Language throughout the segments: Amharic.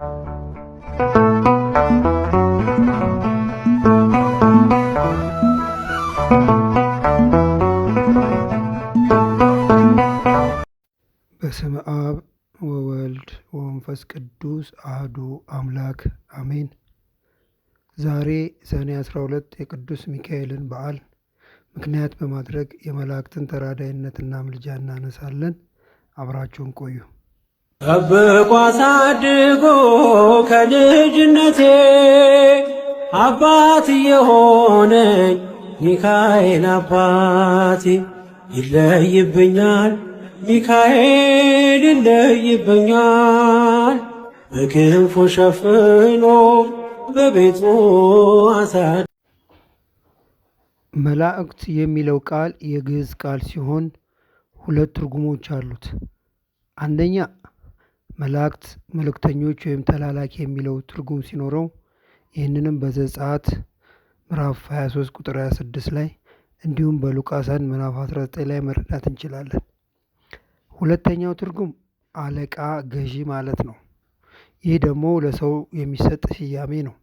በስመ አብ ወወልድ ወመንፈስ ቅዱስ አህዱ አምላክ አሜን። ዛሬ ሰኔ 12 የቅዱስ ሚካኤልን በዓል ምክንያት በማድረግ የመላእክትን ተራዳይነትና ምልጃ እናነሳለን። አብራችሁን ቆዩ። ጠብቆ አሳድጎ ከልጅነቴ አባት የሆነኝ ሚካኤል አባቴ ይለይብኛል፣ ሚካኤል ይለይብኛል። በክንፉ ሸፍኖ በቤቱ አሳድ መላእክት የሚለው ቃል የግዕዝ ቃል ሲሆን ሁለት ትርጉሞች አሉት። አንደኛ መላእክት መልእክተኞች ወይም ተላላኪ የሚለው ትርጉም ሲኖረው ይህንንም በዘጸአት ምዕራፍ 23 ቁጥር 26 ላይ እንዲሁም በሉቃስ 1 ምዕራፍ 19 ላይ መረዳት እንችላለን። ሁለተኛው ትርጉም አለቃ፣ ገዢ ማለት ነው። ይህ ደግሞ ለሰው የሚሰጥ ስያሜ ነው።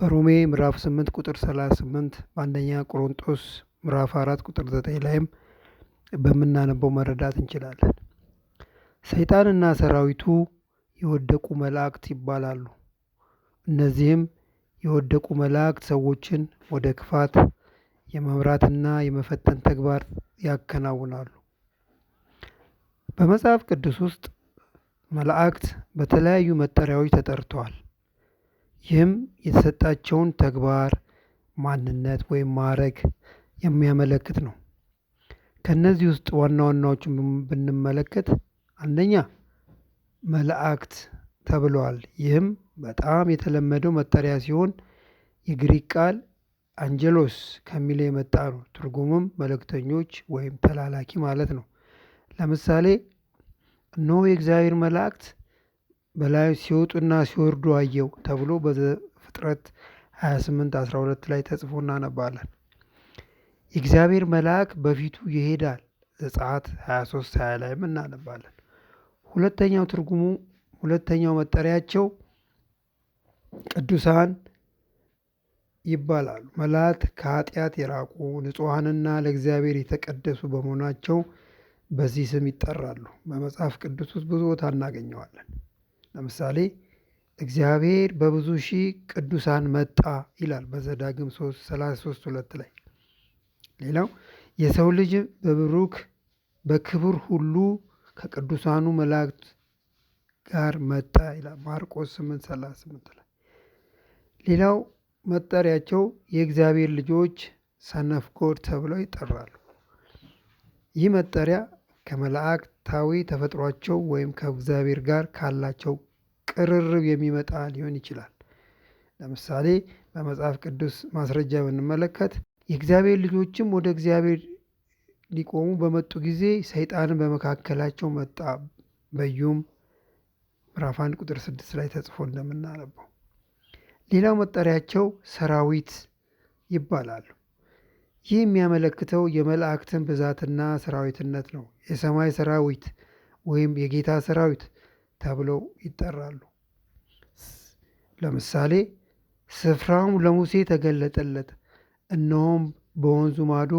በሮሜ ምዕራፍ 8 ቁጥር 38 በአንደኛ ቆሮንጦስ ምዕራፍ 4 ቁጥር 9 ላይም በምናነበው መረዳት እንችላለን። ሰይጣንና ሰራዊቱ የወደቁ መላእክት ይባላሉ። እነዚህም የወደቁ መላእክት ሰዎችን ወደ ክፋት የመምራትና የመፈተን ተግባር ያከናውናሉ። በመጽሐፍ ቅዱስ ውስጥ መላእክት በተለያዩ መጠሪያዎች ተጠርተዋል። ይህም የተሰጣቸውን ተግባር፣ ማንነት ወይም ማዕረግ የሚያመለክት ነው። ከእነዚህ ውስጥ ዋና ዋናዎቹን ብንመለከት አንደኛ መላእክት ተብለዋል። ይህም በጣም የተለመደው መጠሪያ ሲሆን የግሪክ ቃል አንጀሎስ ከሚለው የመጣ ነው። ትርጉሙም መልእክተኞች ወይም ተላላኪ ማለት ነው። ለምሳሌ እነሆ የእግዚአብሔር መላእክት በላዩ ሲወጡና ሲወርዱ አየው ተብሎ በዘፍጥረት 28 12 ላይ ተጽፎ እናነባለን። የእግዚአብሔር መልአክ በፊቱ ይሄዳል ዘጸአት 23 20 ላይም እናነባለን። ሁለተኛው ትርጉሙ ሁለተኛው መጠሪያቸው ቅዱሳን ይባላሉ። መላእክት ከኃጢአት የራቁ ንጹሐንና ለእግዚአብሔር የተቀደሱ በመሆናቸው በዚህ ስም ይጠራሉ። በመጽሐፍ ቅዱስ ውስጥ ብዙ ቦታ እናገኘዋለን። ለምሳሌ እግዚአብሔር በብዙ ሺህ ቅዱሳን መጣ ይላል በዘዳግም 33 ሁለት ላይ። ሌላው የሰው ልጅ በብሩክ በክብር ሁሉ ከቅዱሳኑ መላእክት ጋር መጣ ይላል ማርቆስ 8፥38 ላይ። ሌላው መጠሪያቸው የእግዚአብሔር ልጆች ሰነፍኮድ ተብለው ይጠራሉ። ይህ መጠሪያ ከመላእክታዊ ተፈጥሯቸው ወይም ከእግዚአብሔር ጋር ካላቸው ቅርርብ የሚመጣ ሊሆን ይችላል። ለምሳሌ በመጽሐፍ ቅዱስ ማስረጃ ብንመለከት የእግዚአብሔር ልጆችም ወደ እግዚአብሔር ሊቆሙ በመጡ ጊዜ ሰይጣንን በመካከላቸው መጣ። በዩም ምዕራፍ አንድ ቁጥር ስድስት ላይ ተጽፎ እንደምናነበው ሌላው መጠሪያቸው ሰራዊት ይባላሉ። ይህ የሚያመለክተው የመላእክትን ብዛትና ሰራዊትነት ነው። የሰማይ ሰራዊት ወይም የጌታ ሰራዊት ተብለው ይጠራሉ። ለምሳሌ ስፍራውም ለሙሴ ተገለጠለት፣ እነሆም በወንዙ ማዶ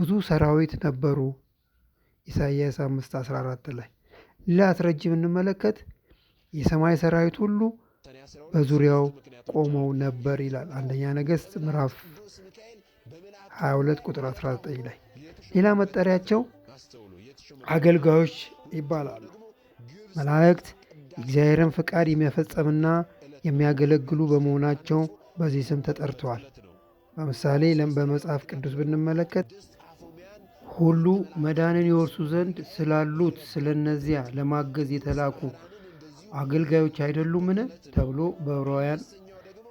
ብዙ ሰራዊት ነበሩ። ኢሳይያስ 5 14 ላይ ሌላ አስረጅ ብንመለከት የሰማይ ሰራዊት ሁሉ በዙሪያው ቆመው ነበር ይላል። አንደኛ ነገሥት ምዕራፍ 22 ቁጥር 19 ላይ ሌላ መጠሪያቸው አገልጋዮች ይባላሉ። መላእክት የእግዚአብሔርን ፍቃድ የሚያፈጸምና የሚያገለግሉ በመሆናቸው በዚህ ስም ተጠርተዋል። በምሳሌ በመጽሐፍ ቅዱስ ብንመለከት ሁሉ መዳንን ይወርሱ ዘንድ ስላሉት ስለነዚያ ለማገዝ የተላኩ አገልጋዮች አይደሉምን? ተብሎ በዕብራውያን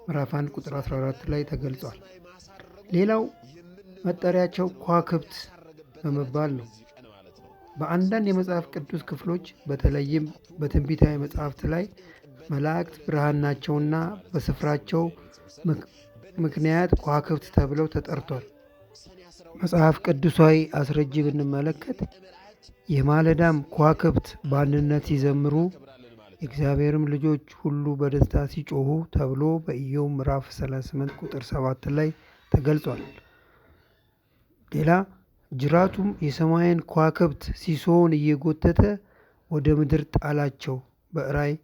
ምዕራፍ 1 ቁጥር 14 ላይ ተገልጿል። ሌላው መጠሪያቸው ኳክብት በመባል ነው። በአንዳንድ የመጽሐፍ ቅዱስ ክፍሎች በተለይም በትንቢታዊ መጽሐፍት ላይ መላእክት ብርሃን ናቸውና በስፍራቸው ምክንያት ከዋክብት ተብለው ተጠርቷል። መጽሐፍ ቅዱሳዊ አስረጂ ብንመለከት የማለዳም ከዋክብት በአንድነት ሲዘምሩ የእግዚአብሔርም ልጆች ሁሉ በደስታ ሲጮሁ ተብሎ በኢዮብ ምዕራፍ 38 ቁጥር 7 ላይ ተገልጿል። ሌላ ጅራቱም የሰማይን ከዋክብት ሲሶውን እየጎተተ ወደ ምድር ጣላቸው በራእይ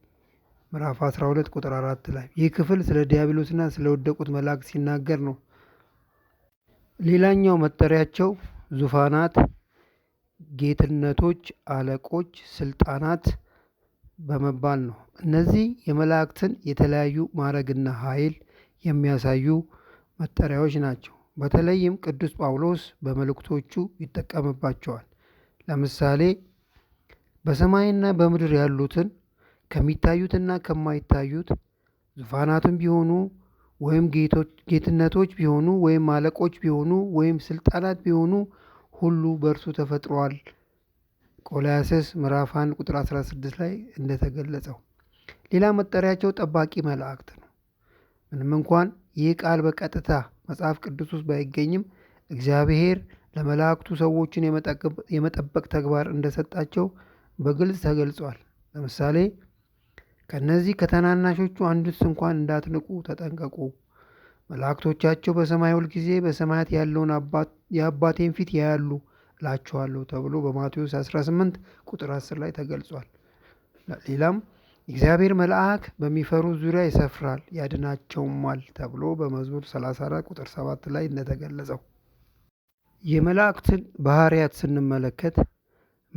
ምዕራፍ 12 ቁጥር 4 ላይ። ይህ ክፍል ስለ ዲያብሎስና ስለ ወደቁት መላእክት ሲናገር ነው። ሌላኛው መጠሪያቸው ዙፋናት፣ ጌትነቶች፣ አለቆች፣ ስልጣናት በመባል ነው። እነዚህ የመላእክትን የተለያዩ ማዕረግና ኃይል የሚያሳዩ መጠሪያዎች ናቸው። በተለይም ቅዱስ ጳውሎስ በመልእክቶቹ ይጠቀምባቸዋል። ለምሳሌ በሰማይና በምድር ያሉትን ከሚታዩትና ከማይታዩት ዙፋናትም ቢሆኑ ወይም ጌትነቶች ቢሆኑ ወይም አለቆች ቢሆኑ ወይም ስልጣናት ቢሆኑ ሁሉ በእርሱ ተፈጥሯል። ቆላስይስ ምዕራፍ 1 ቁጥር 16 ላይ እንደተገለጸው ሌላ መጠሪያቸው ጠባቂ መላእክት ነው። ምንም እንኳን ይህ ቃል በቀጥታ መጽሐፍ ቅዱስ ውስጥ ባይገኝም እግዚአብሔር ለመላእክቱ ሰዎችን የመጠበቅ ተግባር እንደሰጣቸው በግልጽ ተገልጿል። ለምሳሌ ከእነዚህ ከታናናሾቹ አንዱስ እንኳን እንዳትንቁ ተጠንቀቁ። መላእክቶቻቸው በሰማይ ሁልጊዜ በሰማያት ያለውን የአባቴን ፊት ያያሉ እላችኋለሁ ተብሎ በማቴዎስ 18 ቁጥር 10 ላይ ተገልጿል። ሌላም እግዚአብሔር መልአክ በሚፈሩ ዙሪያ ይሰፍራል ያድናቸውማል ተብሎ በመዝሙር 34 ቁጥር 7 ላይ እንደተገለጸው የመላእክትን ባህሪያት ስንመለከት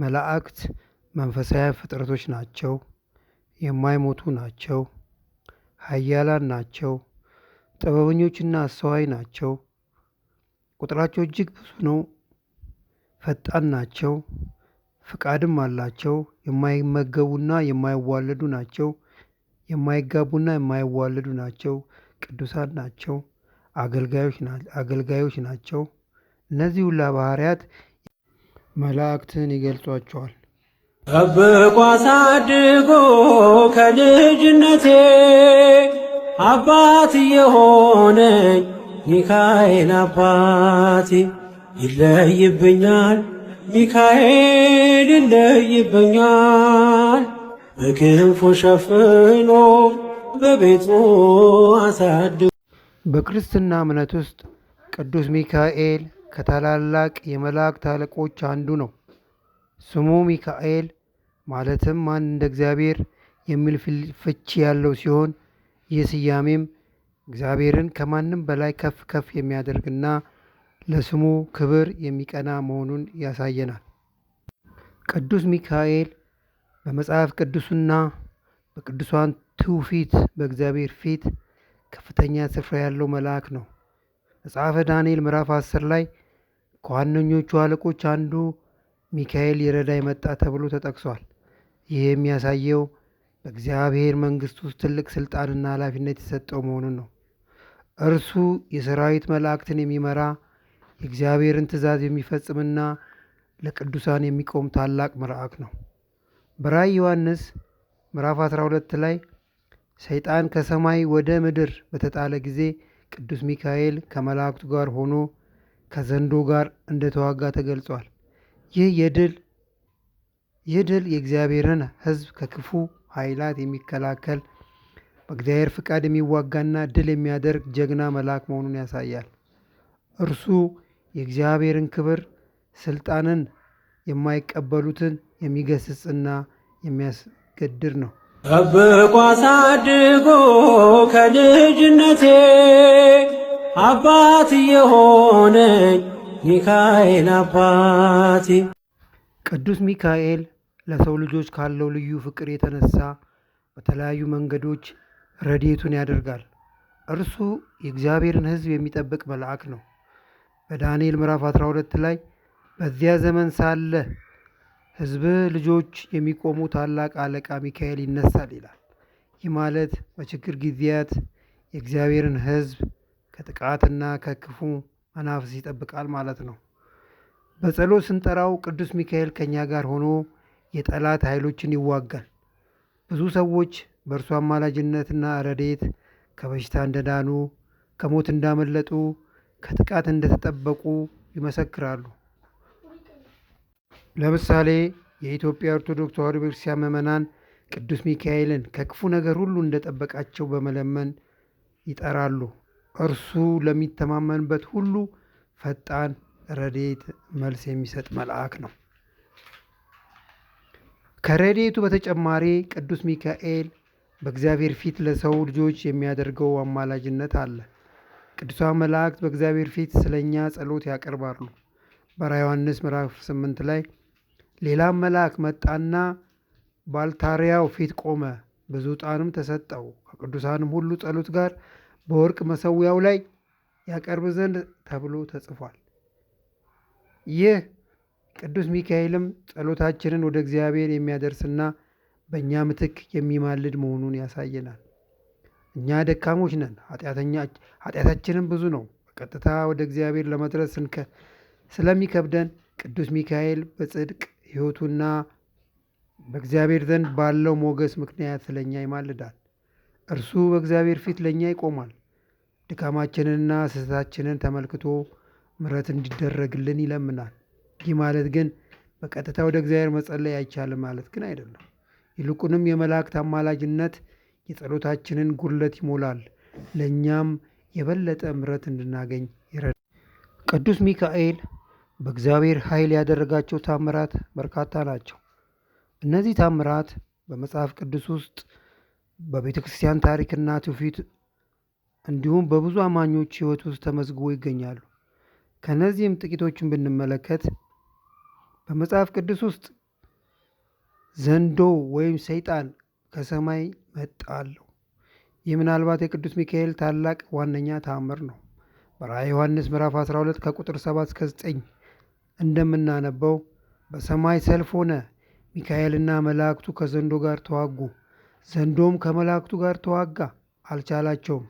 መላእክት መንፈሳዊ ፍጥረቶች ናቸው። የማይሞቱ ናቸው፣ ኃያላን ናቸው፣ ጥበበኞችና አስተዋይ ናቸው፣ ቁጥራቸው እጅግ ብዙ ነው፣ ፈጣን ናቸው፣ ፍቃድም አላቸው፣ የማይመገቡና የማይዋለዱ ናቸው፣ የማይጋቡና የማይዋለዱ ናቸው፣ ቅዱሳን ናቸው፣ አገልጋዮች ናቸው። እነዚህ ሁላ ባህርያት መላእክትን ይገልጿቸዋል። ጠብቆ አሳድጎ ከልጅነቴ አባት የሆነኝ ሚካኤል አባቴ ይለይብኛል፣ ሚካኤል ይለይብኛል። በክንፉ ሸፍኖ በቤቱ አሳድጎ በክርስትና እምነት ውስጥ ቅዱስ ሚካኤል ከታላላቅ የመላእክት አለቆች አንዱ ነው። ስሙ ሚካኤል ማለትም ማን እንደ እግዚአብሔር የሚል ፍቺ ያለው ሲሆን ይህ ስያሜም እግዚአብሔርን ከማንም በላይ ከፍ ከፍ የሚያደርግና ለስሙ ክብር የሚቀና መሆኑን ያሳየናል። ቅዱስ ሚካኤል በመጽሐፍ ቅዱስና በቅዱሳን ትውፊት በእግዚአብሔር ፊት ከፍተኛ ስፍራ ያለው መልአክ ነው። መጽሐፈ ዳንኤል ምዕራፍ 10 ላይ ከዋነኞቹ አለቆች አንዱ ሚካኤል ሊረዳ የመጣ ተብሎ ተጠቅሷል። ይህ የሚያሳየው በእግዚአብሔር መንግሥት ውስጥ ትልቅ ሥልጣንና ኃላፊነት የሰጠው መሆኑን ነው። እርሱ የሰራዊት መላእክትን የሚመራ የእግዚአብሔርን ትእዛዝ የሚፈጽምና ለቅዱሳን የሚቆም ታላቅ መልአክ ነው። በራእይ ዮሐንስ ምዕራፍ 12 ላይ ሰይጣን ከሰማይ ወደ ምድር በተጣለ ጊዜ ቅዱስ ሚካኤል ከመላእክቱ ጋር ሆኖ ከዘንዶ ጋር እንደተዋጋ ተገልጿል። ይህ የድል ይህ ድል የእግዚአብሔርን ሕዝብ ከክፉ ኃይላት የሚከላከል በእግዚአብሔር ፍቃድ የሚዋጋና ድል የሚያደርግ ጀግና መልአክ መሆኑን ያሳያል። እርሱ የእግዚአብሔርን ክብር፣ ስልጣንን የማይቀበሉትን የሚገስጽና የሚያስገድር ነው። ጠብቆ አሳድጎ ከልጅነቴ አባት የሆነኝ ሚካኤል አባቴ ቅዱስ ሚካኤል ለሰው ልጆች ካለው ልዩ ፍቅር የተነሳ በተለያዩ መንገዶች ረድኤቱን ያደርጋል። እርሱ የእግዚአብሔርን ሕዝብ የሚጠብቅ መልአክ ነው። በዳንኤል ምዕራፍ 12 ላይ በዚያ ዘመን ሳለ ሕዝብህ ልጆች የሚቆሙ ታላቅ አለቃ ሚካኤል ይነሳል ይላል። ይህ ማለት በችግር ጊዜያት የእግዚአብሔርን ሕዝብ ከጥቃትና ከክፉ መናፍስ ይጠብቃል ማለት ነው። በጸሎት ስንጠራው ቅዱስ ሚካኤል ከእኛ ጋር ሆኖ የጠላት ኃይሎችን ይዋጋል። ብዙ ሰዎች በእርሱ አማላጅነትና ረዴት ከበሽታ እንደዳኑ፣ ከሞት እንዳመለጡ፣ ከጥቃት እንደተጠበቁ ይመሰክራሉ። ለምሳሌ የኢትዮጵያ ኦርቶዶክስ ተዋሕዶ ቤተክርስቲያን ምዕመናን ቅዱስ ሚካኤልን ከክፉ ነገር ሁሉ እንደጠበቃቸው በመለመን ይጠራሉ። እርሱ ለሚተማመንበት ሁሉ ፈጣን ረዴት መልስ የሚሰጥ መልአክ ነው። ከረዴቱ በተጨማሪ ቅዱስ ሚካኤል በእግዚአብሔር ፊት ለሰው ልጆች የሚያደርገው አማላጅነት አለ። ቅዱሳን መላእክት በእግዚአብሔር ፊት ስለኛ ጸሎት ያቀርባሉ። በራ ዮሐንስ ምዕራፍ 8 ላይ ሌላም መልአክ መጣና ባልታሪያው ፊት ቆመ፣ ብዙ ዕጣንም ተሰጠው። ከቅዱሳንም ሁሉ ጸሎት ጋር በወርቅ መሰዊያው ላይ ያቀርብ ዘንድ ተብሎ ተጽፏል። ይህ ቅዱስ ሚካኤልም ጸሎታችንን ወደ እግዚአብሔር የሚያደርስና በእኛ ምትክ የሚማልድ መሆኑን ያሳየናል። እኛ ደካሞች ነን፣ ኃጢአታችንም ብዙ ነው። በቀጥታ ወደ እግዚአብሔር ለመድረስ ስለሚከብደን ቅዱስ ሚካኤል በጽድቅ ሕይወቱና በእግዚአብሔር ዘንድ ባለው ሞገስ ምክንያት ስለኛ ይማልዳል። እርሱ በእግዚአብሔር ፊት ለእኛ ይቆማል። ድካማችንንና ስህተታችንን ተመልክቶ ምሕረት እንዲደረግልን ይለምናል። ይህ ማለት ግን በቀጥታ ወደ እግዚአብሔር መጸለይ አይቻልም ማለት ግን አይደለም። ይልቁንም የመላእክት አማላጅነት የጸሎታችንን ጉድለት ይሞላል፣ ለእኛም የበለጠ ምሕረት እንድናገኝ ይረዳል። ቅዱስ ሚካኤል በእግዚአብሔር ኃይል ያደረጋቸው ታምራት በርካታ ናቸው። እነዚህ ታምራት በመጽሐፍ ቅዱስ ውስጥ በቤተ ክርስቲያን ታሪክና ትውፊት እንዲሁም በብዙ አማኞች ሕይወት ውስጥ ተመዝግቦ ይገኛሉ። ከነዚህም ጥቂቶችን ብንመለከት በመጽሐፍ ቅዱስ ውስጥ ዘንዶ ወይም ሰይጣን ከሰማይ መጣ አለው። ይህ ምናልባት የቅዱስ ሚካኤል ታላቅ ዋነኛ ተአምር ነው። በራእየ ዮሐንስ ምዕራፍ 12 ከቁጥር 7 እስከ 9 እንደምናነበው በሰማይ ሰልፍ ሆነ፣ ሚካኤልና መላእክቱ ከዘንዶ ጋር ተዋጉ፣ ዘንዶም ከመላእክቱ ጋር ተዋጋ፣ አልቻላቸውም።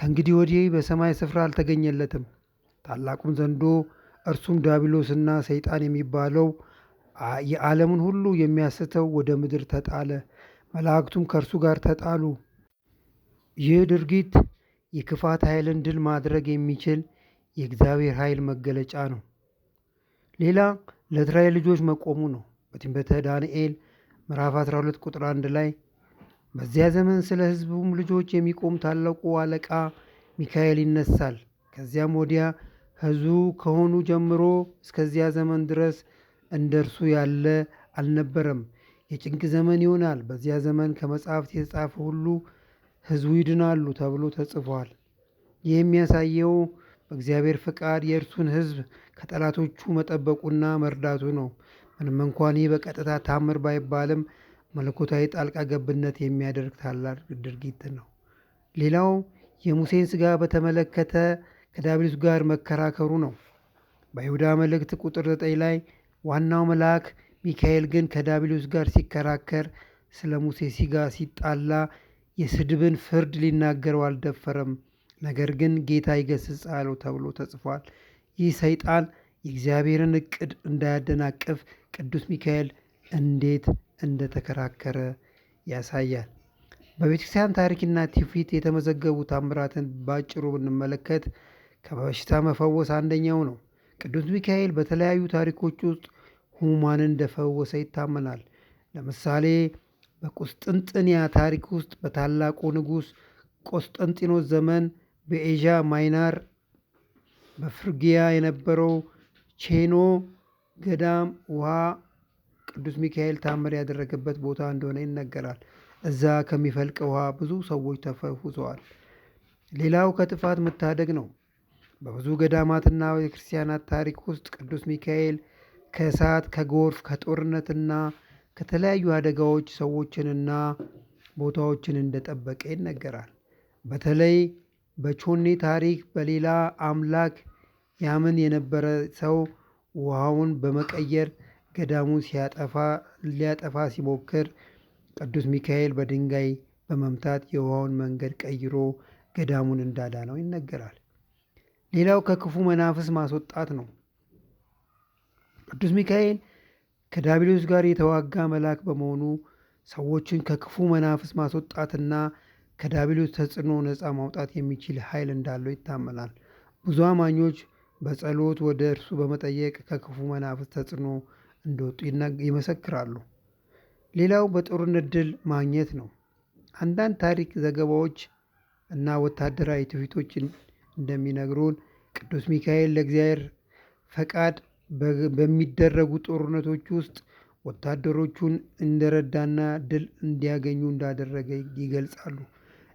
ከእንግዲህ ወዲህ በሰማይ ስፍራ አልተገኘለትም። ታላቁም ዘንዶ እርሱም ዲያብሎስና ሰይጣን የሚባለው የዓለምን ሁሉ የሚያስተው ወደ ምድር ተጣለ፣ መላእክቱም ከእርሱ ጋር ተጣሉ። ይህ ድርጊት የክፋት ኃይልን ድል ማድረግ የሚችል የእግዚአብሔር ኃይል መገለጫ ነው። ሌላ ለእስራኤል ልጆች መቆሙ ነው። በትንቢተ ዳንኤል ምዕራፍ 12 ቁጥር 1 ላይ በዚያ ዘመን ስለ ሕዝቡም ልጆች የሚቆም ታላቁ አለቃ ሚካኤል ይነሳል፣ ከዚያም ወዲያ ህዙ ከሆኑ ጀምሮ እስከዚያ ዘመን ድረስ እንደ እርሱ ያለ አልነበረም። የጭንቅ ዘመን ይሆናል። በዚያ ዘመን ከመጽሐፍት የተጻፈ ሁሉ ሕዝቡ ይድናሉ ተብሎ ተጽፏል። ይህ የሚያሳየው በእግዚአብሔር ፈቃድ የእርሱን ሕዝብ ከጠላቶቹ መጠበቁና መርዳቱ ነው። ምንም እንኳን ይህ በቀጥታ ታምር ባይባልም መለኮታዊ ጣልቃ ገብነት የሚያደርግ ታላቅ ድርጊት ነው። ሌላው የሙሴን ሥጋ በተመለከተ ከዲያብሎስ ጋር መከራከሩ ነው። በይሁዳ መልእክት ቁጥር 9 ላይ ዋናው መልአክ ሚካኤል ግን ከዲያብሎስ ጋር ሲከራከር ስለ ሙሴ ሲጋ ሲጣላ የስድብን ፍርድ ሊናገረው አልደፈረም። ነገር ግን ጌታ ይገስጽህ አለው ተብሎ ተጽፏል። ይህ ሰይጣን የእግዚአብሔርን እቅድ እንዳያደናቅፍ ቅዱስ ሚካኤል እንዴት እንደተከራከረ ያሳያል። በቤተክርስቲያን ታሪክና ትውፊት የተመዘገቡ ታምራትን ባጭሩ ብንመለከት ከበሽታ መፈወስ አንደኛው ነው። ቅዱስ ሚካኤል በተለያዩ ታሪኮች ውስጥ ሕሙማንን እንደፈወሰ ይታመናል። ለምሳሌ በቁስጥንጥንያ ታሪክ ውስጥ በታላቁ ንጉሥ ቆስጠንጢኖስ ዘመን በኤዣ ማይናር በፍርጊያ የነበረው ቼኖ ገዳም ውሃ ቅዱስ ሚካኤል ታምር ያደረገበት ቦታ እንደሆነ ይነገራል። እዛ ከሚፈልቅ ውሃ ብዙ ሰዎች ተፈውሰዋል። ሌላው ከጥፋት መታደግ ነው። በብዙ ገዳማትና ቤተክርስቲያናት ታሪክ ውስጥ ቅዱስ ሚካኤል ከእሳት፣ ከጎርፍ፣ ከጦርነትና ከተለያዩ አደጋዎች ሰዎችንና ቦታዎችን እንደጠበቀ ይነገራል። በተለይ በቾኔ ታሪክ በሌላ አምላክ ያምን የነበረ ሰው ውሃውን በመቀየር ገዳሙን ሊያጠፋ ሲሞክር ቅዱስ ሚካኤል በድንጋይ በመምታት የውሃውን መንገድ ቀይሮ ገዳሙን እንዳዳነው ይነገራል። ሌላው ከክፉ መናፍስ ማስወጣት ነው። ቅዱስ ሚካኤል ከዲያብሎስ ጋር የተዋጋ መልአክ በመሆኑ ሰዎችን ከክፉ መናፍስ ማስወጣትና ከዲያብሎስ ተጽዕኖ ነፃ ማውጣት የሚችል ኃይል እንዳለው ይታመናል። ብዙ አማኞች በጸሎት ወደ እርሱ በመጠየቅ ከክፉ መናፍስ ተጽዕኖ እንደወጡ ይመሰክራሉ። ሌላው በጦርነት ድል ማግኘት ነው። አንዳንድ ታሪክ ዘገባዎች እና ወታደራዊ ትውፊቶችን እንደሚነግሩን ቅዱስ ሚካኤል ለእግዚአብሔር ፈቃድ በሚደረጉ ጦርነቶች ውስጥ ወታደሮቹን እንደረዳና ድል እንዲያገኙ እንዳደረገ ይገልጻሉ።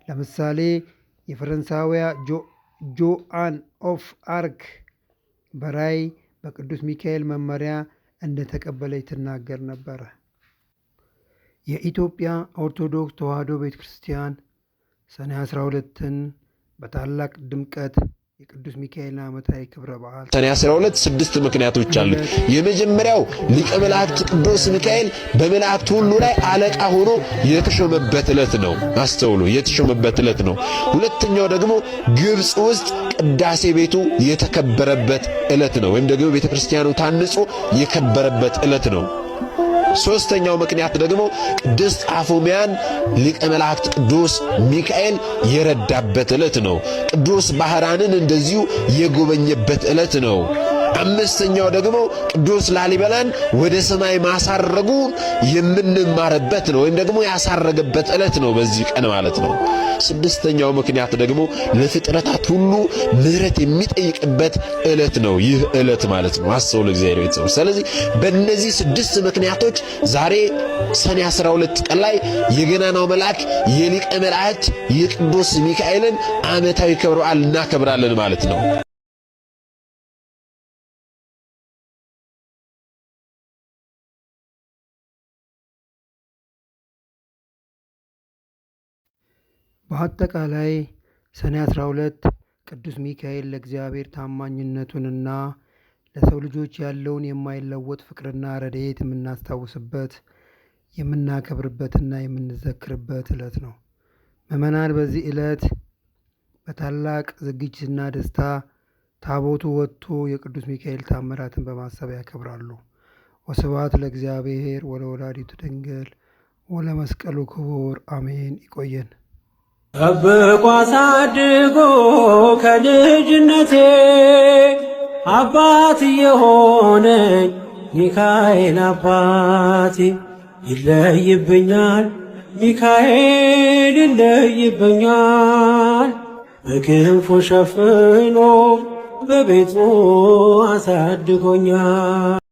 ለምሳሌ የፈረንሳዊያ ጆአን ኦፍ አርክ በራይ በቅዱስ ሚካኤል መመሪያ እንደተቀበለች ትናገር ነበረ። የኢትዮጵያ ኦርቶዶክስ ተዋሕዶ ቤተ ክርስቲያን ሰኔ 12ን በታላቅ ድምቀት የቅዱስ ሚካኤል ዓመታዊ ክብረ በዓል ሰኔ 12 ስድስት ምክንያቶች አሉት። የመጀመሪያው ሊቀ መላእክት ቅዱስ ሚካኤል በመላእክት ሁሉ ላይ አለቃ ሆኖ የተሾመበት ዕለት ነው። አስተውሉ፣ የተሾመበት ዕለት ነው። ሁለተኛው ደግሞ ግብፅ ውስጥ ቅዳሴ ቤቱ የተከበረበት ዕለት ነው። ወይም ደግሞ ቤተ ክርስቲያኑ ታንጾ የከበረበት ዕለት ነው። ሶስተኛው ምክንያት ደግሞ ቅድስት አፉሚያን ሊቀ መላእክት ቅዱስ ሚካኤል የረዳበት ዕለት ነው። ቅዱስ ባህራንን እንደዚሁ የጎበኘበት ዕለት ነው። አምስተኛው ደግሞ ቅዱስ ላሊበላን ወደ ሰማይ ማሳረጉ የምንማርበት ነው፣ ወይም ደግሞ ያሳረገበት ዕለት ነው በዚህ ቀን ማለት ነው። ስድስተኛው ምክንያት ደግሞ ለፍጥረታት ሁሉ ምሕረት የሚጠይቅበት ዕለት ነው ይህ ዕለት ማለት ነው። አሰው ለእግዚአብሔር ቤተሰቦች። ስለዚህ በእነዚህ ስድስት ምክንያቶች ዛሬ ሰኔ 12 ቀን ላይ የገናናው መልአክ የሊቀ መላእክት የቅዱስ ሚካኤልን ዓመታዊ ክብረ በዓል እናከብራለን ማለት ነው። በአጠቃላይ ሰኔ 12 ቅዱስ ሚካኤል ለእግዚአብሔር ታማኝነቱንና ለሰው ልጆች ያለውን የማይለወጥ ፍቅርና ረድኤት የምናስታውስበት የምናከብርበትና የምንዘክርበት ዕለት ነው። ምዕመናን በዚህ ዕለት በታላቅ ዝግጅትና ደስታ ታቦቱ ወጥቶ የቅዱስ ሚካኤል ታምራትን በማሰብ ያከብራሉ። ወስብሐት ለእግዚአብሔር ወለወላዲቱ ድንግል ወለመስቀሉ ክቡር አሜን። ይቆየን። ጠብቆ አሳድጎ ከልጅነቴ አባት የሆነኝ ሚካኤል አባቴ ይለይብኛል ሚካኤል ይለይብኛል በክንፉ ሸፍኖ በቤቱ አሳድጎኛል።